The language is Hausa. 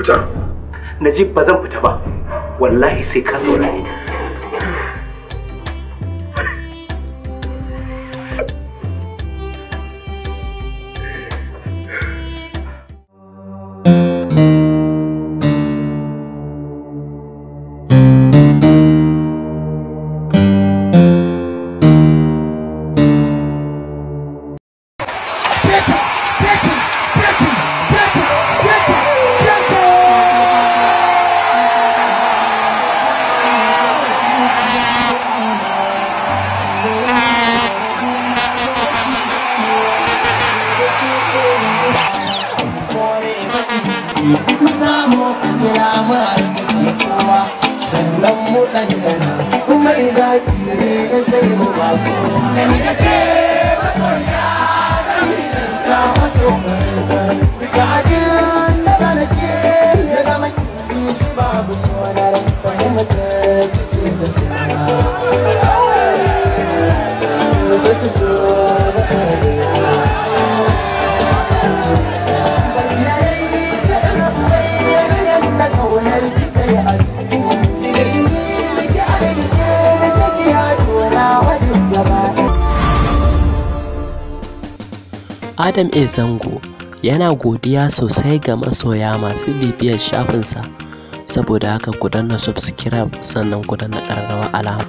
fita najib ba zan fita ba wallahi sai ka saurare ni mu samu mu sannan mu ɗanɗana kuma izaki ne sai mu ba Adam A. Zango yana godiya sosai ga masoya masu bibiyar shafinsa, saboda haka ku danna subscribe sannan ku danna alama.